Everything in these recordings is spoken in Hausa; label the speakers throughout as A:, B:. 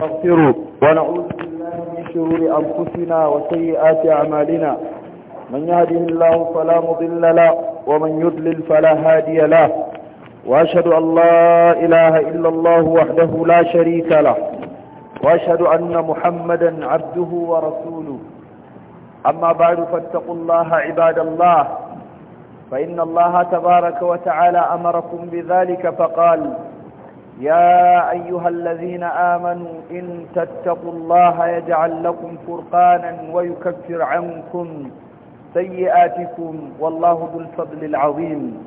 A: نستغفره ونعوذ بالله من شرور أنفسنا وسيئات أعمالنا من يهده الله فلا مضل له ومن يضلل فلا هادي له وأشهد أن لا إله إلا الله وحده لا شريك له وأشهد أن محمدا عبده ورسوله أما بعد فاتقوا الله عباد الله فإن الله تبارك وتعالى أمركم بذلك فقال يا أيها الذين آمنوا إن تتقوا الله يجعل لكم فرقانا ويكفر عنكم سيئاتكم والله ذو الفضل العظيم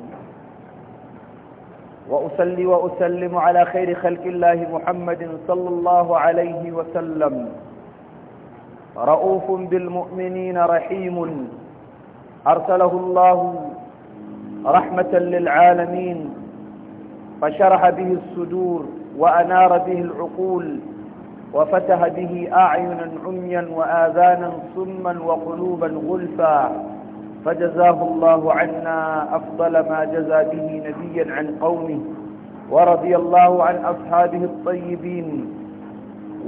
A: وأسلي وأسلم على خير خلق الله محمد صلى الله عليه وسلم رؤوف بالمؤمنين رحيم أرسله الله رحمة للعالمين فشرح به الصدور وأنار به العقول وفتح به أعينا عميا وآذانا صما وقلوبا غلفا فجزاه الله عنا أفضل ما جزى به نبيا عن قومه ورضي الله عن أصحابه الطيبين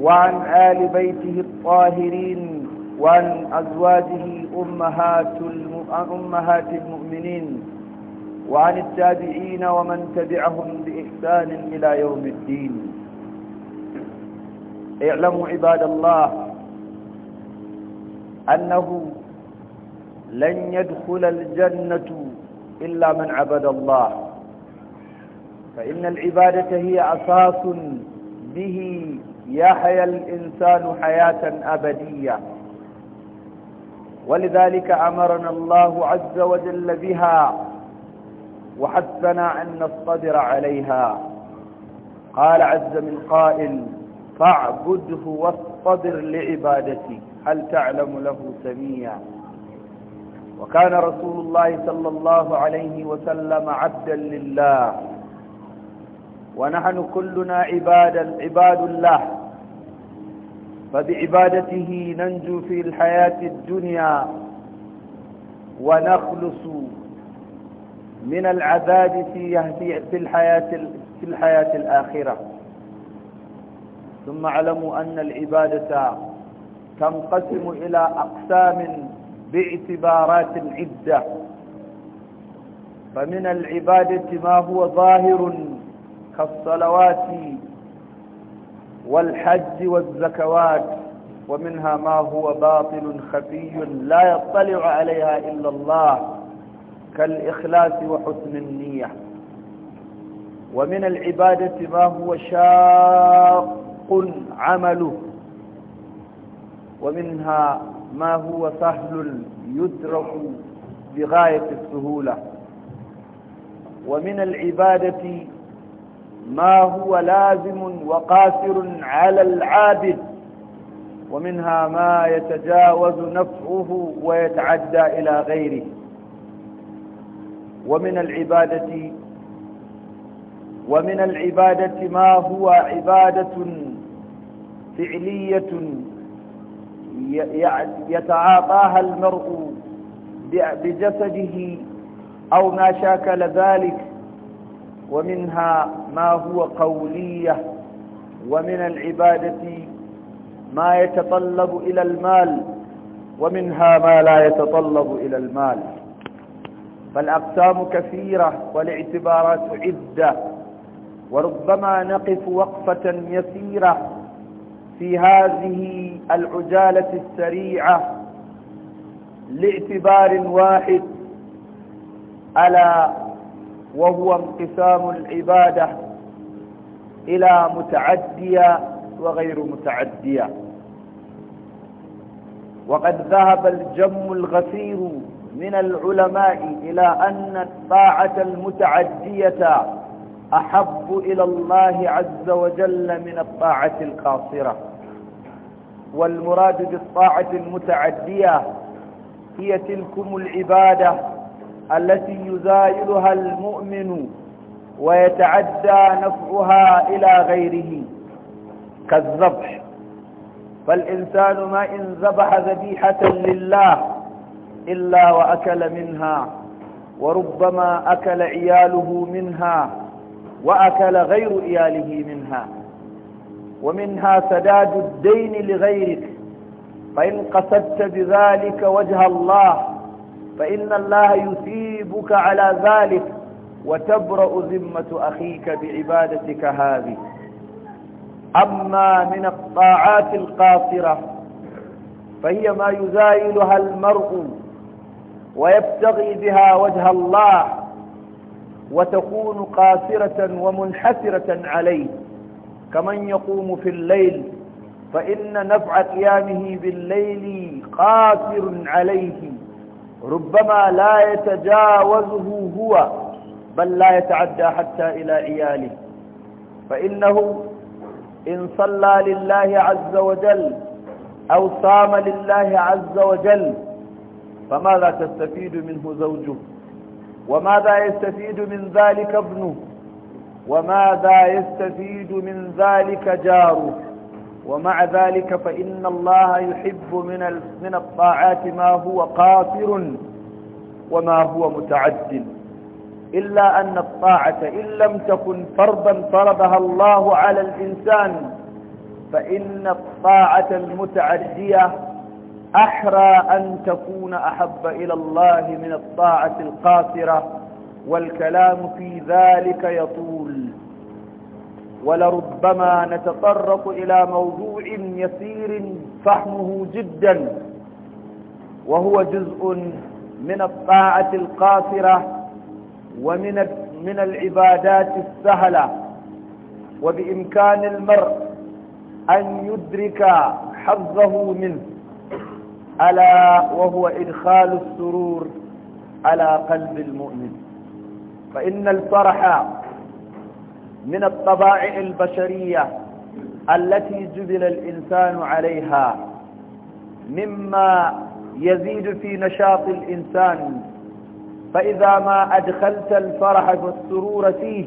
A: وعن آل بيته الطاهرين وعن أزواجه أمهات, أمهات المؤمنين وعن التابعين ومن تبعهم بإحسان إلى يوم الدين اعلموا عباد الله أنه لن يدخل الجنة إلا من عبد الله فإن العبادة هي أساس به يحيا الإنسان حياة أبدية ولذلك أمرنا الله عز وجل بها وحثنا أن نصطبر عليها قال عز من قائل فاعبده واصطبر لعبادتي هل تعلم له سميا وكان رسول الله صلى الله عليه وسلم عبدا لله ونحن كلنا عبادا عباد الله فبعبادته ننجو في الحياة الدنيا ونخلص من العذاب في في الحياة في الحياة الآخرة ثم اعلموا أن العبادة تنقسم إلى أقسام باعتبارات عدة فمن العبادة ما هو ظاهر كالصلوات والحج والزكوات ومنها ما هو باطل خفي لا يطلع عليها إلا الله كالإخلاص وحسن النية ومن العبادة ما هو شاق عمله ومنها ما هو سهل يدرك بغاية السهولة ومن العبادة ما هو لازم وقاسر على العابد ومنها ما يتجاوز نفعه ويتعدى إلى غيره ومن العبادة ومن العبادة ما هو عبادة فعلية يتعاطاها المرء بجسده أو ما شاكل ذلك ومنها ما هو قولية ومن العبادة ما يتطلب إلى المال ومنها ما لا يتطلب إلى المال فالأقسام كثيرة والاعتبارات عدة وربما نقف وقفة يسيرة في هذه العجالة السريعة لاعتبار واحد ألا وهو انقسام العبادة إلى متعدية وغير متعدية وقد ذهب الجم الغفير من العلماء إلى أن الطاعة المتعدية أحب إلى الله عز وجل من الطاعة القاصرة والمراد بالطاعة المتعدية هي تلكم العبادة التي يزايلها المؤمن ويتعدى نفعها إلى غيره كالذبح فالإنسان ما إن ذبح ذبيحة لله إلا وأكل منها وربما أكل عياله منها وأكل غير عياله منها ومنها سداد الدين لغيرك فإن قصدت بذلك وجه الله فإن الله يثيبك على ذلك وتبرأ ذمة أخيك بعبادتك هذه أما من الطاعات القاصرة فهي ما يزايلها المرء ويبتغي بها وجه الله وتكون قاسرة ومنحسرة عليه كمن يقوم في الليل فإن نفع قيامه بالليل قاسر عليه ربما لا يتجاوزه هو بل لا يتعدى حتى إلى عياله فإنه إن صلى لله عز وجل أو صام لله عز وجل فماذا تستفيد منه زوجه وماذا يستفيد من ذلك ابنه وماذا يستفيد من ذلك جاره ومع ذلك فإن الله يحب من من الطاعات ما هو قاصر وما هو متعد إلا أن الطاعة إن لم تكن فرضا فرضها الله على الإنسان فإن الطاعة المتعدية أحرى أن تكون أحب إلى الله من الطاعة القاصرة والكلام في ذلك يطول ولربما نتطرق إلى موضوع يسير فهمه جدا وهو جزء من الطاعة القاصرة ومن من العبادات السهلة وبإمكان المرء أن يدرك حظه منه ألا وهو إدخال السرور على قلب المؤمن فإن الفرح من الطبائع البشرية التي جبل الإنسان عليها مما يزيد في نشاط الإنسان فإذا ما أدخلت الفرح والسرور فيه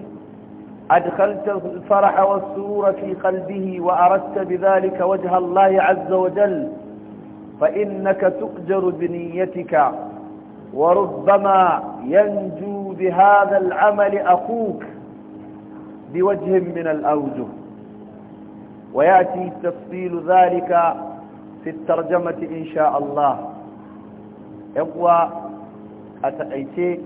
A: أدخلت الفرح والسرور في قلبه وأردت بذلك وجه الله عز وجل فإنك تؤجر بنيتك وربما ينجو بهذا العمل أخوك بوجه من الأوجه ويأتي تفصيل ذلك في الترجمة إن شاء الله يقوى أتأيتي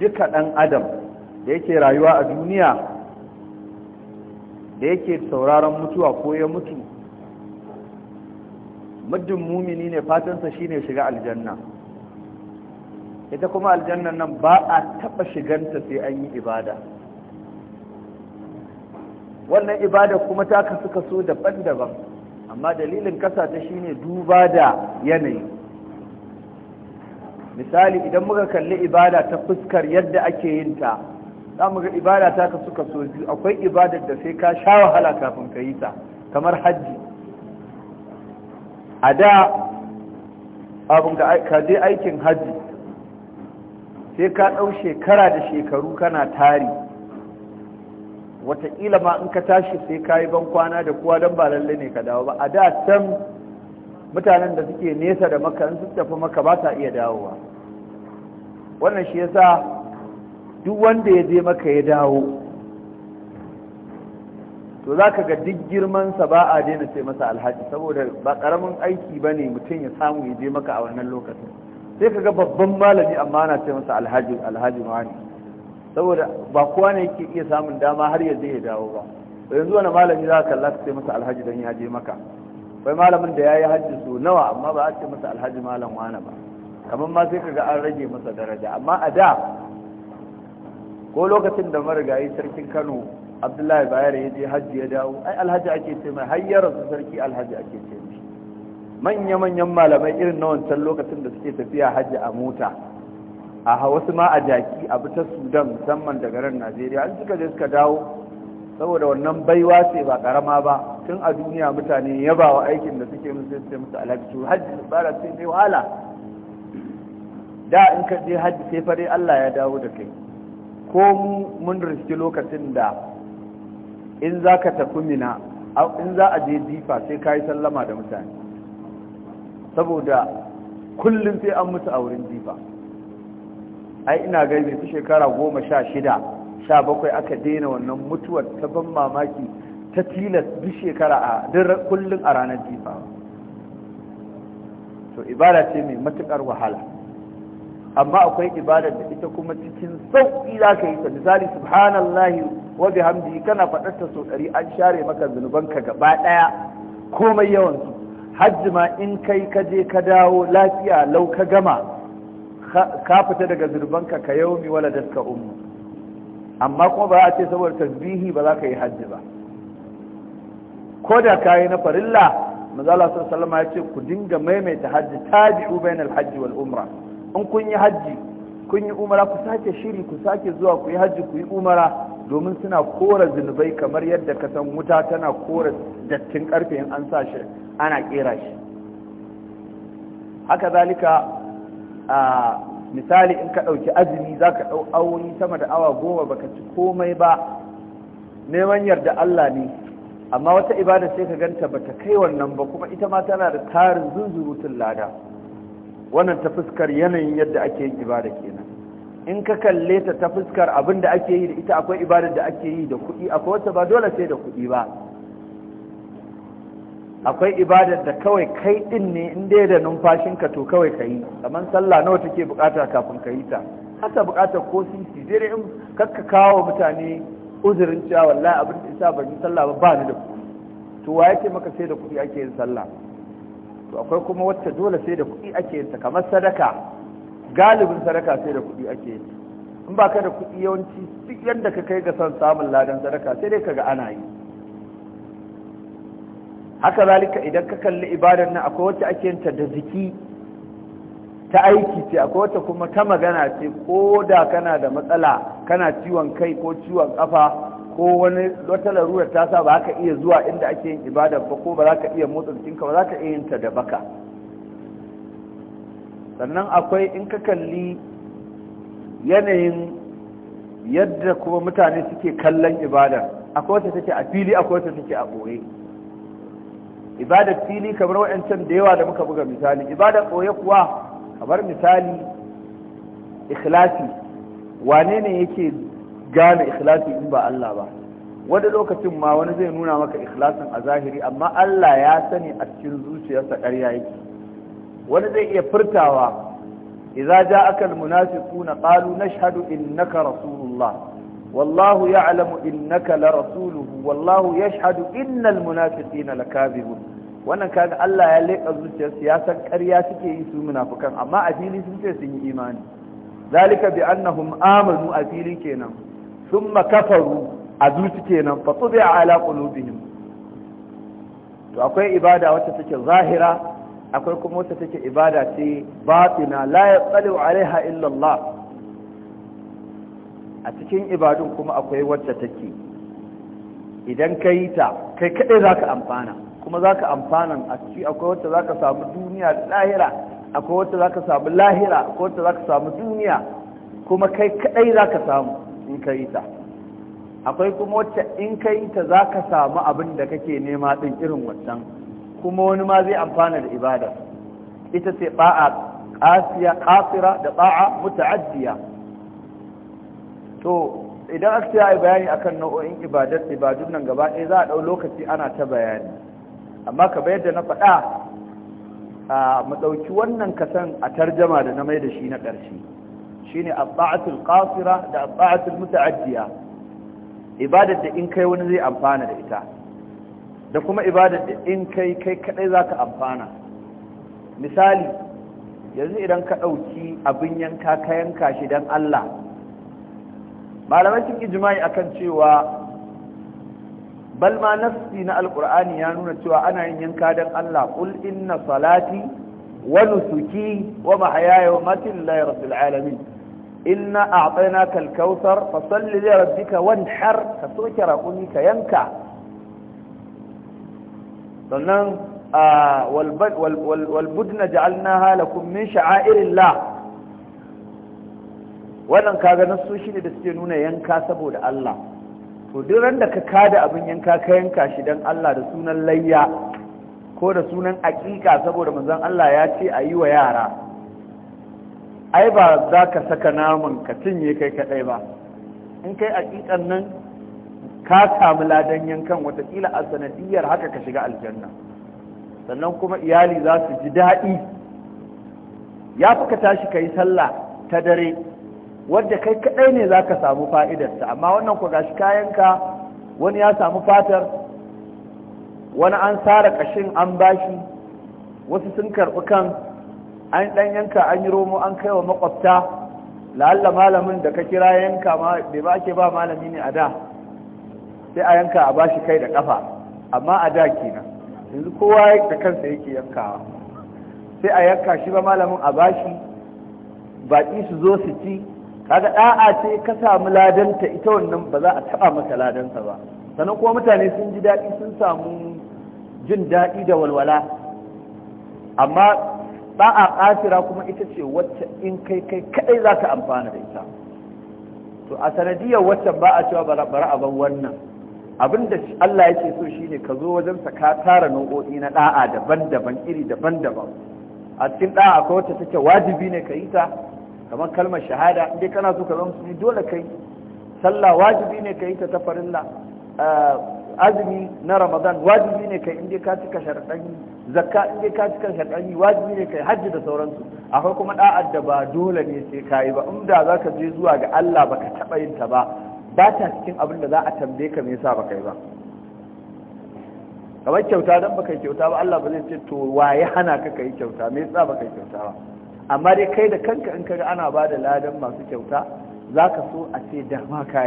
A: جكة أن أدم da yake الدنيا a سورارا متوى قوية متوى muddin mumini ne fatansa shine shiga aljanna ita kuma aljannan nan ba a taba shiganta sai an yi ibada wannan ibada kuma ta kasu kaso daban-daban amma dalilin kasa ta shine duba da yanayi misali idan muka kalli ibada ta fuskar yadda ake yin ta za mu ga ibada ta kasu kaso akwai ibadar da sai ka sha wahala kafin ka yi ta kamar hajji a da abin ka je aikin hajji sai ka ɗau shekara da shekaru kana tari wataƙila ma in ka tashi sai ka yi ban kwana da kowa don ba lalle ne ka dawo ba a da can mutanen da suke nesa da maka in sun tafi maka ba sa iya dawowa wannan shi yasa duk wanda ya je maka ya dawo to za ka ga duk girmansa ba a daina sai masa alhaji saboda ba karamin aiki ba ne mutum ya samu ya je maka a wannan lokacin sai ka ga babban malami amma ana sai masa alhaji alhaji ne saboda ba kowa ne yake iya samun dama har ya je ya dawo ba to yanzu wani malami za ka kalla sai masa alhaji dan ya je maka bai malamin da ya yi hajji so nawa amma ba a ce masa alhaji malam wani ba kamar ma sai ka ga an rage masa daraja amma a da ko lokacin da marigayi sarkin kano abdullahi bayar ya je hajji ya dawo ai alhaji ake ce mai hayyar su sarki alhaji ake ce mai manya-manyan malamai irin na wancan lokacin da suke tafiya hajji a mota a wasu ma a jaki a ta sudan musamman daga garin najeriya an suka je suka dawo saboda wannan baiwa ce ba karama ba tun a duniya mutane yaba wa aikin da suke musu sai musu alhaji to hajji su fara sai mai wahala da in ka je hajji sai dai allah ya dawo da kai ko mun riski lokacin da in za ka tafi mina in za a je jifa sai ka yi sallama da mutane saboda kullum sai an mutu a wurin jifa ai ina gaibe su shekara goma sha shida sha bakwai aka daina wannan mutuwar ta ban mamaki ta tilas duk shekara a kullum a ranar jifa to ibada ce mai matuƙar wahala amma akwai ibadar da ita kuma cikin sauƙi za ka yi ta misali subhanallahi wa bihamdihi kana faɗar ta so ɗari an share maka zunubanka gaba ɗaya komai yawan su hajji ma in kai ka je ka dawo lafiya lau ka gama ka fita daga zunubanka ka yaumi wala daska ummu amma kuma ba a ce saboda tasbihi ba za ka yi hajji ba
B: ko da ka na farilla
A: manzo Allah sallallahu alaihi wasallam ya ce ku dinga maimaita hajji tabi'u bainal hajji wal umra in kun yi hajji kun yi umara ku sake shiri ku sake zuwa ku yi hajji ku yi umara domin suna kora zunubai kamar yadda ka san wuta tana kora dattin karfe in an sa shi ana kera shi haka zalika a misali in ka ɗauki azumi za ka ɗau awoyi sama da awa goma baka ci komai ba neman yarda Allah ne amma wata ibada sai ka ganta bata kai wannan ba kuma ita ma tana da tarin zunzurutun lada wannan ta fuskar yanayin yadda ake yin ibada kenan in ka kalle ta ta fuskar abin da ake yi da ita akwai ibadar da ake yi da kuɗi akwai wata ba dole sai da kuɗi ba akwai ibadar da kawai kai din ne in dai da numfashinka to kawai ka yi kamar sallah nawa take bukata kafin ka yi ta haka bukatar ko sisi dai in kakka kawo mutane uzurin cewa wallahi abin da isa ban yi sallah ba ba ni da kuɗi to wa yake maka sai da kuɗi ake yin sallah to akwai kuma wacce dole sai da kuɗi ake yin kamar sadaka galibin sadaka sai da kuɗi ake yin in ba ka da kuɗi yawanci duk yadda ka kai ga son samun ladan sadaka sai dai ka ga ana yi haka zalika idan ka kalli ibadar nan akwai wacce ake yin da jiki ta aiki ce akwai wata kuma ta magana ce ko da kana da matsala kana ciwon kai ko ciwon kafa ko wani wata larura ta sa ba ka iya zuwa inda ake yin ibada ba ko ba za ka iya motsa jikinka ba za ka iya yin ta da baka sannan akwai in ka kalli yanayin yadda kuma mutane suke kallon ibada akwai wata take a fili akwai wata take a ɓoye ibadar fili kamar wa'ancan da yawa da muka buga misali ibadar ɓoye kuwa kamar misali ikhlasi wane ne yake gane ikhlasi in ba Allah ba wani lokacin ma wani zai nuna maka ikhlasin a zahiri amma Allah ya sani a cikin zuciyarsa ƙarya yake wani zai iya furtawa idza ja'aka almunafiquna qalu nashhadu innaka rasulullah wallahu ya'lamu innaka la rasuluhu wallahu yashhadu innal munafiqina lakazibun wannan kaga Allah ya leka zuciyarsa ya san ƙarya suke yi su munafikan amma a fili sun ce sun yi imani zalika bi annahum amanu a fili kenan thumma kafaru a zuci kenan fa tsubi ala qulubihim to akwai ibada wacce take zahira akwai kuma wacce take ibada ce batina la yaqalu alaiha illa Allah a cikin ibadun kuma akwai wacce take idan ka yi ta kai kaɗai za ka amfana kuma za ka amfana a ciki akwai wacce za ka samu duniya da lahira akwai wacce za ka samu lahira akwai wacce za ka samu duniya kuma kai kaɗai za ka samu in ka yi ta akwai kuma wacce in ka yi ta za ka samu abin da kake nema ɗin irin wancan kuma wani ma zai amfana da ibada. ita ce ba'a ƙasiya ƙasira da ba'a muta'addiya to idan aka ce bayani akan nau'o'in ibadar ba nan gaba ɗaya za a ɗau lokaci ana ta bayani amma ka bayar da na faɗa mu ɗauki wannan kasan a tarjama da na mai da shi na ƙarshe shine abba'atul qasira da abba'atul muta'addiya ibadar da in kai wani zai amfana da ita da kuma ibadar da in kai kai kadai zaka amfana misali yanzu idan ka dauki abin yanka ka yanka shi dan Allah malamai cikin ijma'i akan cewa bal ma nafsi na alqur'ani ya nuna cewa ana yin yanka dan Allah qul inna salati wa nusuki wa mahyaya wa mati rabbil alamin inna a'tayna kal kautsar fa salli li rabbika wanhar ka soke raƙumi ka yanka sannan wal budna ja'alnaha lakum min la wannan kaga nasu shi ne da suke nuna yanka saboda Allah to duk da ka kada abin yanka ka yanka shi dan Allah da sunan layya ko da sunan aqiqa saboda manzon Allah ya ce a yi wa yara ai ba za ka saka naman ka cinye kai kaɗai ba in kai aƙiƙan nan ka samu ladan yankan watakila a sanadiyar haka ka shiga aljanna sannan kuma iyali za su ji daɗi ya fi ka tashi ka yi sallah ta dare wadda kai kaɗai ne za ka samu fa'idarta amma wannan ku gashi kayanka wani ya samu fatar wani an sara ƙashin an bashi wasu sun karɓi kan an dan yanka an yi romo an kai wa makwabta la'alla malamin da ka kira yanka ma bai ba ke ba malami ne a da sai a yanka a bashi kai da kafa amma a da kenan yanzu kowa da kansa yake yankawa sai a yanka shi ba malamin a bashi baki su zo su ci kaga da'a ce ka samu ladanta ita wannan ba za a taba masa ladansa ba sannan kuma mutane sun ji daɗi sun samu jin daɗi da walwala amma da'a kafira kuma ita ce wacce in kai kai kadai za ka amfana da ita to a sanadiyar waccan ba a cewa bara a ban wannan abin da Allah yake so shi ne ka zo wajen sa ka tara nau'o'i na da'a daban-daban iri daban-daban a cikin da'a akwai wacce take wajibi ne ka yi ta kamar kalmar shahada in dai kana so ka zama musulmi dole kai sallah wajibi ne ka yi ta ta farilla eh, azumi na ramadan wajibi ne kai inda ka cika sharaɗan zakka inda ka cika sharaɗan wajibi ne kai hajji da sauransu akwai kuma da'ar da ba dole ne sai ka yi ba inda za ka je zuwa ga Allah ba ka taɓa yin ta ba ba ta cikin abin da za a tambaye ka me yasa ba kai ba kamar kyauta dan ba kai kyauta ba Allah ba zai ce to waye hana ka kai kyauta me yasa ba kai kyauta ba amma dai kai da kanka in kaga ana ba da ladan masu kyauta zaka so a ce da ma ka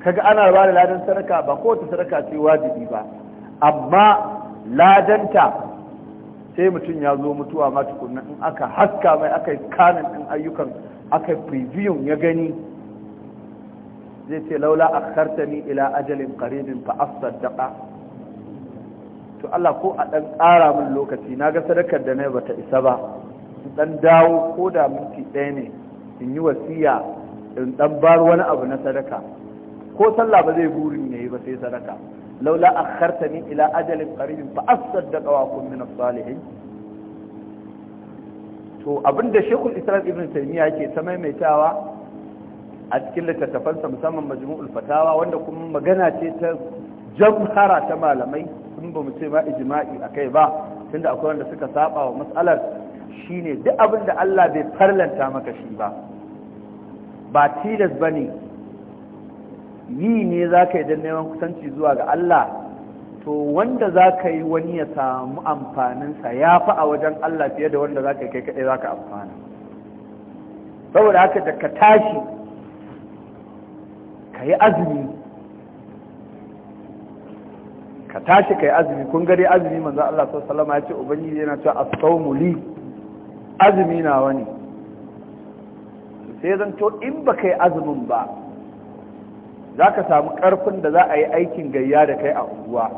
A: kaga ana ba da ladan sadaka ba kowace sadaka ce wajibi ba amma ladanta sai mutum ya zo mutuwa ma tukunna in aka haska mai aka yi kanin ɗin ayyukan aka yi preview ya gani zai ce laula ni ila ajalin qaribin fa asaddaqa to Allah ko a dan ƙara min lokaci naga sadakar da nayi bata isa ba dan dawo ko da minti ɗaya ne in yi wasiya in dan bar wani abu na sadaka ko sallah ba zai burin ne ba sai sadaka laula akhartani ila ajalin qaribin fa asaddaqa wa kun min as-salihin to abinda Shekul Islam Ibn taymiya yake ta maimaitawa a cikin littattafansa musamman Majmu'ul Fatawa wanda kuma magana ce ta jamhara ta malamai sun ba mu ce ma ijma'i akai ba tunda akwai wanda suka saba wa mas'alar shine duk abinda Allah bai farlanta maka shi ba ba tilas bane yi ne za ka yi neman kusanci zuwa ga Allah to wanda za ka yi wani ya samu amfaninsa ya fi a wajen Allah fiye da wanda za ka yi kai kaɗai za ka amfana saboda haka da ka tashi ka yi azumi ka tashi ka yi azumi kun gari azumi manzo Allah sau salama ya ce ubangiji yana cewa as azumi na wani, sai zan to in baka yi azumin ba za ka samu ƙarfin da za a yi aikin gayya da kai a unguwa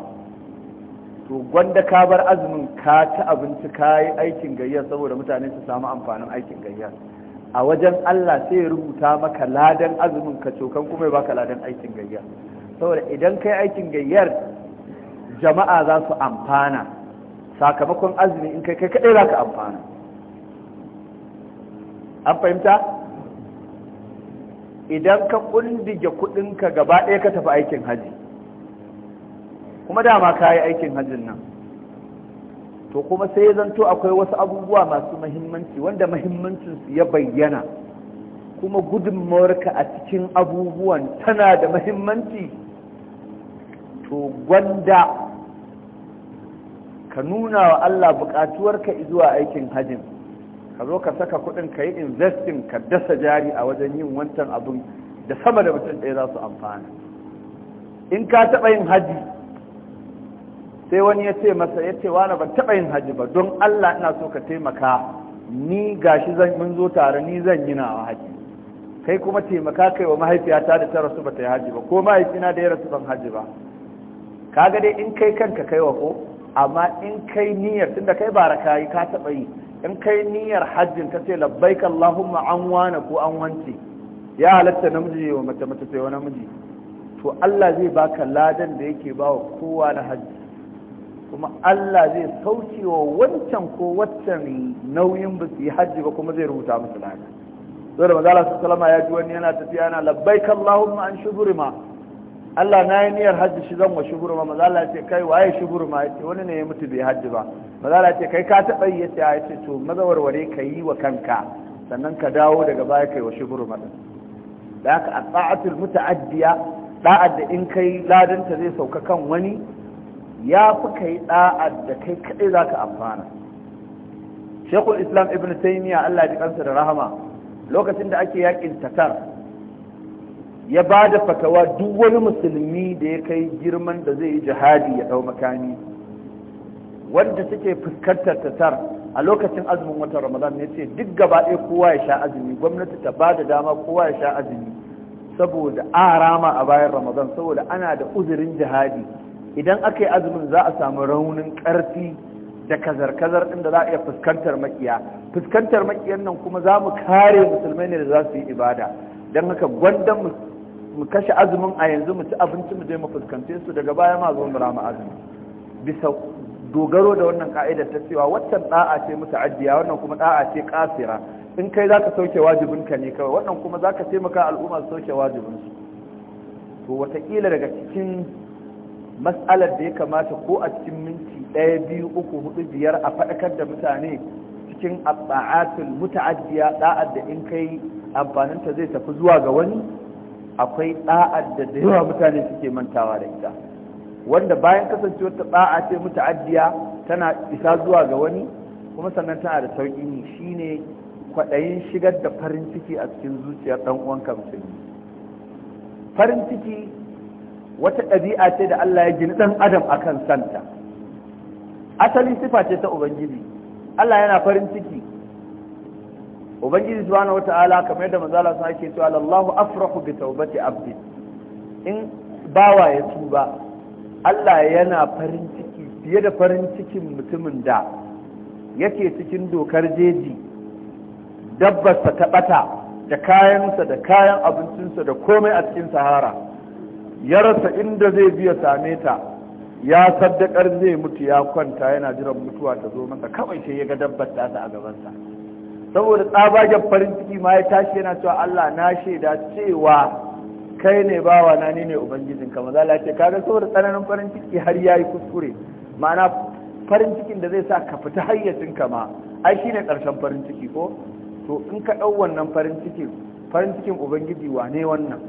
A: to gwanda ka bar azumin ka ci abinci ka yi aikin gayyar saboda mutane su samu amfanin aikin gayyar a wajen Allah sai rubuta maka ladan azumin ka cokan kuma ya baka ladan aikin gayyar saboda idan kai aikin gayyar jama'a za su amfana sakamakon azumi in kai kai kaɗai za ka amfana an fahimta idan ka kundige kudinka gaba ɗaya ka tafi aikin haji kuma dama ka yi aikin hajjin nan to kuma sai ya zanto akwai wasu abubuwa masu mahimmanci wanda mahimmancinsu ya bayyana kuma gudunmawarka a cikin abubuwan tana da mahimmanci to gwanda ka nuna wa Allah bukatuwarka zuwa aikin hajjin ka zo ka saka kuɗin ka yi investing ka dasa jari a wajen yin wancan abin da sama da mutum ɗaya za su amfana in ka taɓa yin haji sai wani ya ce masa ya ce wani ban taɓa yin haji ba don allah ina so ka taimaka ni gashi zan mun zo tare ni zan yi nawa haji kai kuma taimaka kai wa mahaifiyata da ta rasu ba ta yi haji ba ko mahaifina da ya rasu ban haji ba kaga dai in kai kanka kai wa ko amma in kai niyyar tunda kai bara yi ka taɓa yi in kai niyyar hajjin ka ce labbaik Allahumma an wane ko an wance ya halatta namiji wa mace mace sai wa namiji to Allah zai baka ladan da yake bawa kowa na hajji kuma Allah zai sauke wa wancan ko waccan nauyin ba su yi hajji ba kuma zai rubuta musu lada saboda magana Allah salama ya ji wani yana tafiya yana labbaik Allahumma an shuburima Allah na yi niyyar hajji shi zan wa shuburima maza Allah ya ce kai waye shuburima ya ce wani ne ya mutu bai hajji ba mazala ce kai ka taɓa yi yace ya ce to mazawarware ka yi wa kanka sannan ka dawo daga baya kai wa shukuru da haka a tsa'atul muta'addiya da'ad da in kai ladanta zai sauka kan wani ya fi kai da'ad da kai kaɗai za ka amfana shekul islam ibn taymiya allah ya kansa da rahama lokacin da ake yakin tatar ya ba da fatawa duk wani musulmi da ya kai girman da zai yi jihadi ya ɗau makami wanda suke fuskantar ta tar a lokacin azumin watan ramadan ne ce duk gaba ɗaya kowa ya sha azumi gwamnati ta ba da dama kowa ya sha azumi saboda a rama a bayan ramadan saboda ana da uzurin jihadi idan aka yi azumin za a samu raunin ƙarfi da kazar-kazar ɗin da za a iya fuskantar makiya fuskantar makiyan nan kuma za mu kare musulmai ne da za su yi ibada don haka gwanda mu kashe azumin a yanzu mu ci abinci mu je mu fuskance su daga baya ma zo mu rama azumi bisa dogaro da wannan ka'idar ta cewa watan da'a ce muta'addiya wannan kuma da'a ce kasira in kai zaka sauke wajibinka ne kawai wannan kuma zaka taimaka al'umma su sauke wajibinsu to wataƙila daga cikin mas'alar da ya kamata ko a cikin minti ɗaya biyu uku hudu biyar a faɗakar da mutane cikin abba'atul muta'addiya da'ar da in kai amfaninta zai tafi zuwa ga wani akwai da'ar da da yawa mutane suke mantawa da ita wanda bayan kasancewar ta a ce muta'addiya tana isa zuwa ga wani kuma sannan tana da sauƙi ne shine kwaɗayin shigar da farin ciki a cikin zuciyar ɗan uwan farin ciki wata ɗabi'a ce da Allah ya gina. ɗan adam a kan santa Asalin sifa ce ta ubangiji Allah yana farin ciki ubangiji subhanahu wataala kamar yadda maza sun sai cewa Allahu afrahu bi ta'ubati abdi in bawa ya tuba Allah yana farin ciki fiye da farin cikin mutumin da yake cikin dokar jeji dabbarsa ta ɓata da kayansa da kayan abincinsa da komai a cikin sahara ya rasa inda zai biya same ta ya saddakar zai mutu ya kwanta yana jiran mutuwa ta zo masa kawai sai ya ga dabbar ta a gabansa saboda tsabagen farin ciki ma ya tashi yana cewa Allah na shaida cewa kai ne bawa na ni ne ubangijin ka zala lafiya kaga saboda tsananin farin ciki har yi kuskure ma'ana farin cikin da zai sa ka fita hayyacin ka ma ai ne karshen farin ciki ko to in ka ɗau wannan farin ciki farin cikin ubangiji wane wannan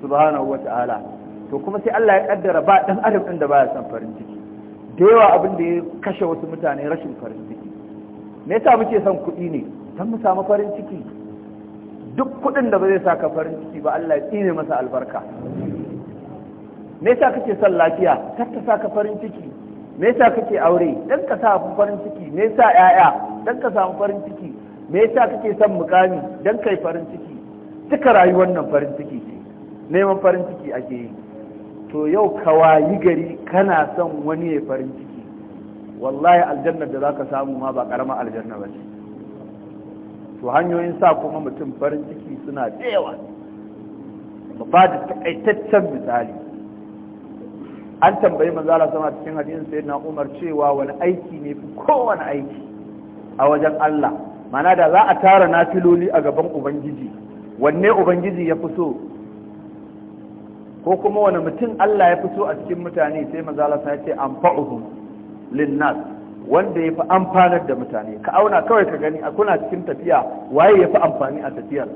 A: subhanahu wa ta'ala to kuma sai Allah ya kaddara ba dan adam din da baya son farin ciki da yawa abin da ya kashe wasu mutane rashin farin ciki me yasa muke son kuɗi ne dan mu samu farin ciki duk kudin da ba zai saka farin ciki ba Allah ya tsine masa albarka me yasa kake son lafiya tatta saka farin ciki me yasa kake aure dan ka samu farin ciki me yasa yaya dan ka samu farin ciki me yasa kake son mukami dan kai farin ciki duka rayuwar nan farin ciki ce neman farin ciki ake yi to yau ka wayi gari kana son wani ya farin ciki wallahi aljannar da zaka samu ma ba karama aljanna ba ce to hanyoyin sa kuma mutum farin ciki suna da yawa ba ba da takaitaccen misali an tambayi manzala sama cikin hadisin na Umar cewa wani aiki ne fi kowane aiki a wajen Allah mana da za a tara nafiloli a gaban ubangiji wanne ubangiji ya fi so ko kuma wani mutum Allah ya fi so a cikin mutane sai manzala sama ya ce anfa'uhum linnas wanda ya fi amfanar da mutane ka auna kawai ka gani a kuna cikin tafiya waye ya fi amfani a tafiyar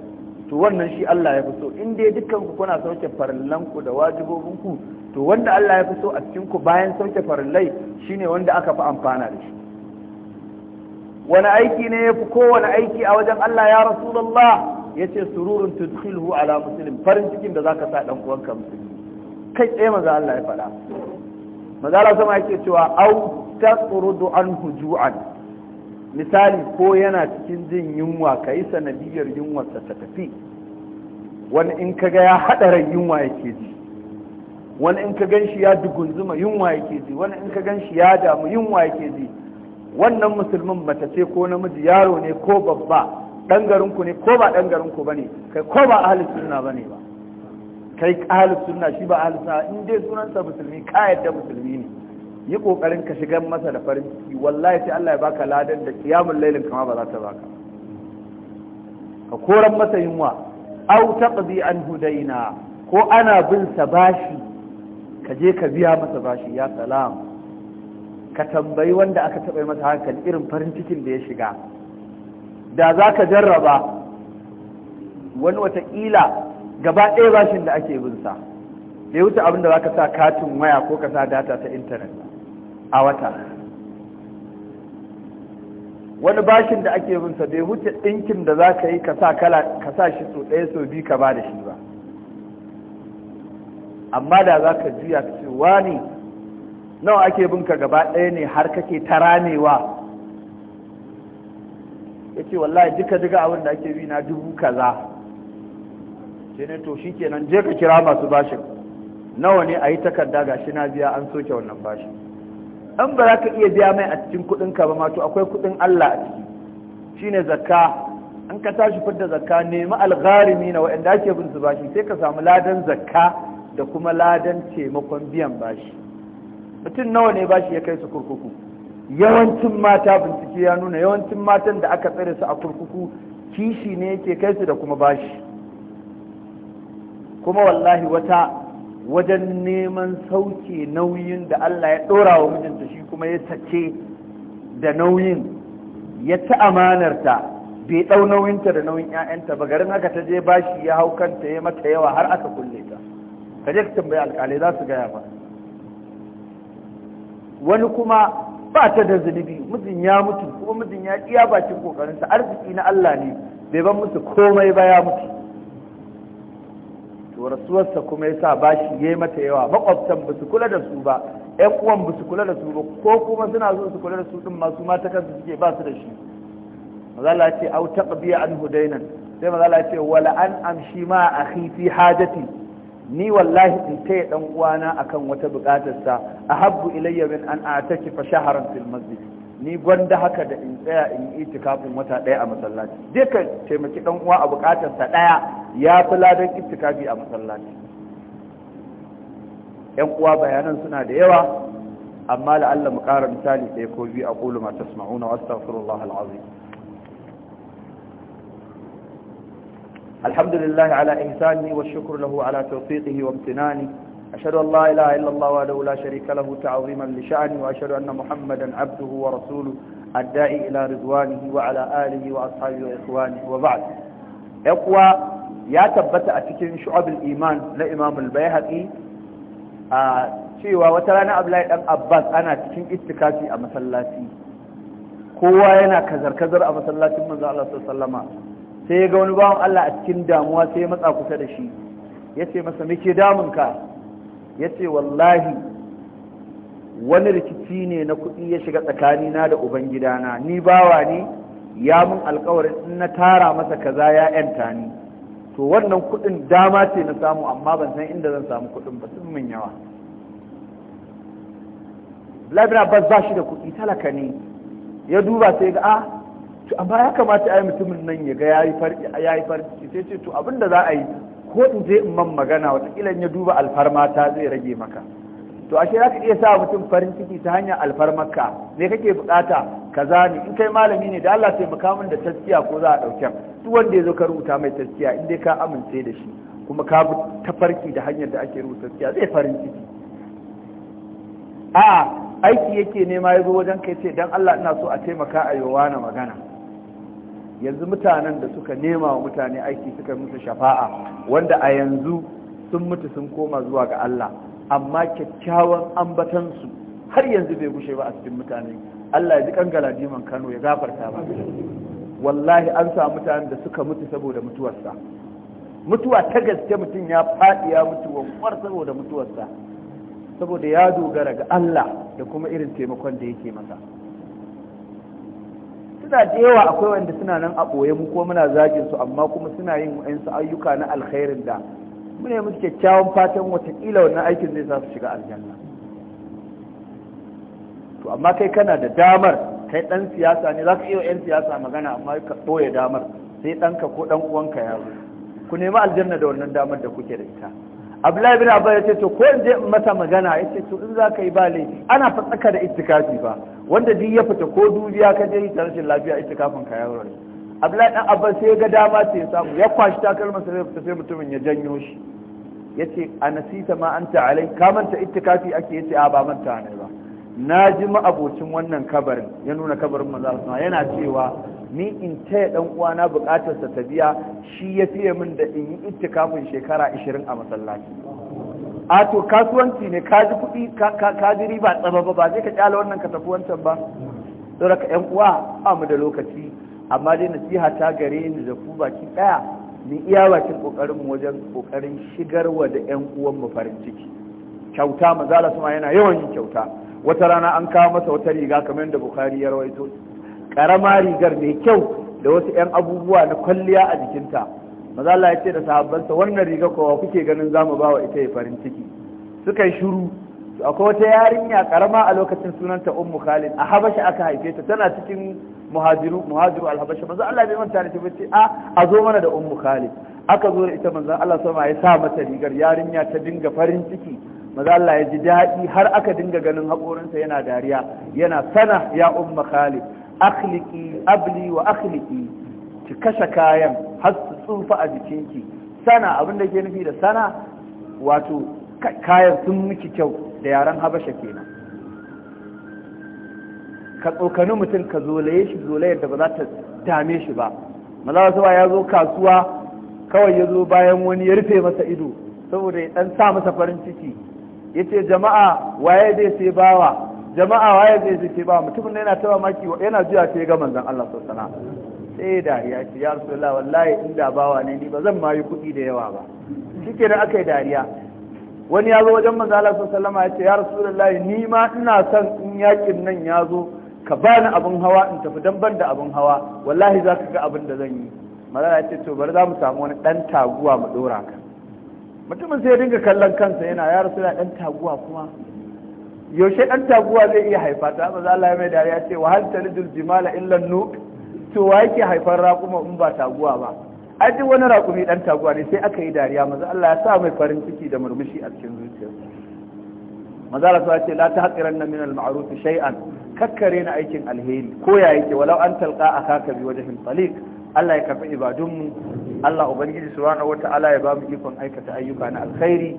A: to wannan shi Allah ya fi so in dai dukkan ku kuna sauke ku da wajibobinku to wanda Allah ya fi so a cikin ku bayan sauke farillai shine wanda aka fi amfana da shi wani aiki ne ya fi kowane aiki a wajen Allah ya rasulullah ya ce sururun tudkhilhu ala muslim farin cikin da zaka sa dan uwanka musulmi kai tsaye maza Allah ya faɗa maza Allah sama yake cewa au tasrudu an hujuan misali ko yana cikin jin yunwa kai sanadiyar yunwa ta tafi wani in kaga ya hadarin yunwa yake ji wani in ka ganshi ya dugunzuma yunwa yake ji wani in ka ganshi ya damu yunwa yake ji wannan musulmin mace ce ko namiji yaro ne ko babba dan ku ne ko ba dan ku bane kai ko ba ahli sunna bane ba kai ahli sunna shi ba ahli sunna in dai sunansa musulmi ka yadda musulmi ne yi kokarin ka shiga masa da farin ciki wallahi sai Allah ya baka ladan da kiyamul lailin kama ba za ta baka ka koran masa yunwa au taqdi an hudaina ko ana bin sa bashi ka je ka biya masa bashi ya salam ka tambayi wanda aka taɓa masa hankali irin farin cikin da ya shiga da za ka jarraba wani watakila gaba ɗaya bashin da ake bin sa ya wuce abin da za ka sa katin waya ko ka sa data ta intanet a wata wani bashin da ake sa bai wuce ɗinkin da za ka yi ka sa shi so ɗaya so biyu ka ba da shi ba amma da za ka juya ka ce wani nawa ake binka gaba ɗaya ne har kake ta ramewa ya ce wallahi duka duka abin da ake bi na dubu kaza sai ne to shi kenan je ka kira masu bashin nawa ne a yi takarda ga shi na biya an soke wannan bashin an ba za ka iya biya mai a cikin kuɗin ka ba mato akwai kudin Allah a ciki shine zakka an ka tashi fidda zakka nemi algharimi na waɗanda ake bin su bashi sai ka samu ladan zakka da kuma ladan taimakon biyan bashi mutum nawa ne bashi ya kai su kurkuku yawancin mata bincike ya nuna yawancin matan da aka tsare su a kurkuku kishi ne yake kai su da kuma bashi kuma wallahi wata wajen neman sauke nauyin da Allah ya ɗora wa mijinta shi kuma ya sace da nauyin ya ci amanarta bai ɗau nauyinta da nauyin 'ya'yanta ba garin haka ta je bashi ya hau kanta ya mata yawa har aka kulle ta ka je ka tambayi alƙalai za su gaya ba wani kuma ba ta da zunubi mijin ya mutu kuma mijin ya iya bakin kokarinsa arziki na Allah ne bai ban mutu komai ba ya mutu to rasuwarsa kuma ya sa bashi ya yi mata yawa makwabtan ba su kula da su ba ƴan uwan ba su kula da su ba ko kuma suna so su kula da su din masu mata kansu suke ba su da shi mazala ce au taqbiya an hudainan sai mazala ce wala an amshi ma akhi fi hajati ni wallahi in taya dan uwana akan wata a ahabbu ilayya min an a'takifa shahran fil masjid ni gwanda haka da in tsaya in yi itikafin wata ɗaya a masallaci je ka taimaki ɗan uwa a sa ɗaya ya fi ladan itikafi a masallaci yan uwa bayanan suna da yawa amma la'alla mu ƙara misali ɗaya ko biyu a ƙulu ma tasma'una wa astaghfirullah al'azim alhamdulillah ala ihsani wa shukru lahu ala tawfiqihi wa imtinani أشهد أن لا إله إلا الله وحده لا شريك له تعظيما لشأنه وأشهد أن محمدا عبده ورسوله الداعي إلى رضوانه وعلى آله وأصحابه وإخوانه وبعد إقوى يا تبت أتكين شعب الإيمان لإمام البيهقي cewa wata rana Abdullahi dan Abbas ana cikin ittikasi a masallaci kowa yana kazar-kazar a masallacin manzo Allah sallama sai ya ga wani bawan Allah a cikin damuwa sai ya matsa kusa da shi ya ce masa me ke damun ka ya ce wallahi wani rikici ne na kuɗi ya shiga tsakanina da ubangidana ni bawa ne ya mun alkawarin in na tara masa kaza ya yanta ni to wannan kuɗin dama ce na samu amma ban san inda zan samu kuɗin ba sun min yawa labira ba ba shi da kuɗi talaka ne ya duba sai ga a ah, to amma ya kamata a yi mutumin nan ya ga ya yi farki sai ce to abinda za a yi ko in je in man magana in ya duba alfarma ta zai rage maka to ashe za iya sa mutum farin ciki ta hanyar alfarmarka me kake bukata kaza ne in kai malami ne da Allah sai mun da taskiya ko za a dauke duk wanda ya zo ka rubuta mai taskiya in dai ka amince da shi kuma ka bi tafarki da hanyar da ake rubuta taskiya zai farin ciki a aiki yake nema ya zo wajen kai ce dan Allah ina so a taimaka a yowa na magana yanzu mutanen da suka nema wa mutane aiki suka musu shafa'a wanda a yanzu sun mutu sun koma zuwa ga Allah amma kyakkyawan ambatansu har yanzu bai gushe ba a cikin mutane Allah ya ji kangala diman Kano ya gafarta ba wallahi an samu mutanen da suka mutu saboda mutuwarsa mutuwa ta gaske mutum ya faɗi ya mutu wankwar saboda mutuwarsa saboda ya dogara ga Allah da kuma irin taimakon da yake masa suna da yawa akwai wanda suna nan a ɓoye mu ko muna zagin su amma kuma suna yin wa'ansu ayyuka na alkhairin da mu ne musu kyakkyawan fatan watakila wannan aikin zai sa su shiga aljanna to amma kai kana da damar kai dan siyasa ne za ka iya yan siyasa magana amma ka ɓoye damar sai ɗanka ko ɗan uwanka ya ku nemi aljanna da wannan damar da kuke da ita abdullahi bin abba ya ce to ko in je in masa magana ya ce to in za ka yi ba laifi ana fatsaka da itikafi ba wanda duk ya fita ko dubiya ka je yi ta rashin lafiya itikafin ka ya wurin abdullahi dan abba sai ya ga dama ta ya samu ya kwashi takalmar sai ya fita sai mutumin ya janyo shi ya ce a nasita ma anta alai ka manta itikafi ake ya a ba manta ne ba na ji ma ma'abocin wannan kabarin ya nuna kabarin manzo Allah yana cewa ni in taya dan uwana bukatarsa ta biya shi ya fiye min da in yi ittikafin shekara 20 a masallaci a to kasuwanci ne ka ji kuɗi ka ji riba tsaba ba zai ka kyala wannan ka tafi wancan ba saboda ka yan uwa a mu da lokaci amma dai nasiha ta gare ni da ku baki ɗaya. ni iya bakin kokarin mu wajen kokarin wa da yan uwan mu farin ciki kyauta mazala Allah yana yawan yin kyauta wata rana an kawo masa wata riga kamar yadda Bukhari ya rawaito karama rigar mai kyau da wasu 'yan abubuwa na kwalliya a jikinta maza Allah ya ce da sahabbansa wannan rigar kowa kuke ganin za mu bawa ita ya farin ciki suka yi shuru akwai wata yarinya karama a lokacin sunanta ummu khalid a habasha aka haife ta tana cikin muhajiru muhajiru al-habasha Allah bai manta ta ce a ah, a zo mana da ummu khalid aka zo da ita manzo Allah sama ya sa mata rigar yarinya ta dinga farin ciki manzo ya ji daɗi har aka dinga ganin haƙorinsa yana dariya yana sana ya ummu khalid akhliki abli wa akhliki ki kashe kayan har su tsufa a jikinki sana abin da ke nufi da sana wato kayan sun miki kyau da yaren habasha kenan ka tsokani mutum ka zolaye shi zolayar da ba za ta dame shi ba maza wasu ya zo kasuwa kawai ya zo bayan wani ya rufe masa ido saboda ya dan sa masa farin ciki ya ce jama'a waye zai sai bawa jama'a waye zai zai ce ba mutum ne yana taba maki yana zuwa ce ga manzon Allah sau sana sai dariya ce ya Allah wallahi inda bawa ne ni ba zan ma kuɗi da yawa ba ke da aka yi dariya wani ya zo wajen manzon Allah sau alaihi ya ce ya Allah ni ma ina son in yakin nan ya zo ka bani abin hawa in tafi dan ban da abin hawa wallahi za ka ga abin da zan yi malala ya ce to bari za mu samu wani ɗan taguwa mu ɗora ka mutumin sai ya dinga kallon kansa yana ya rasu Allah ɗan taguwa kuma yaushe ɗan taguwa zai iya haifa ta ba za Allah ya mai dariya ce wa hal talijul jimala illa nuk to wa yake haifar raƙuma in ba taguwa ba ai duk wani raƙumi ɗan taguwa ne sai aka yi dariya maza Allah ya sa mai farin ciki da murmushi a cikin zuciyarsa maza Allah ya ce la tahqiranna min al-ma'ruf shay'an kakkare na aikin alheri ko ya yake walau an talqa akaka bi wajhin taliq Allah ya kafa ibadunmu Allah ubangiji subhanahu wata'ala ya ba mu ikon aikata ayyuka na alkhairi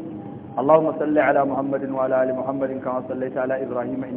A: اللهم صل على محمد وعلى ال محمد كما صليت على ابراهيم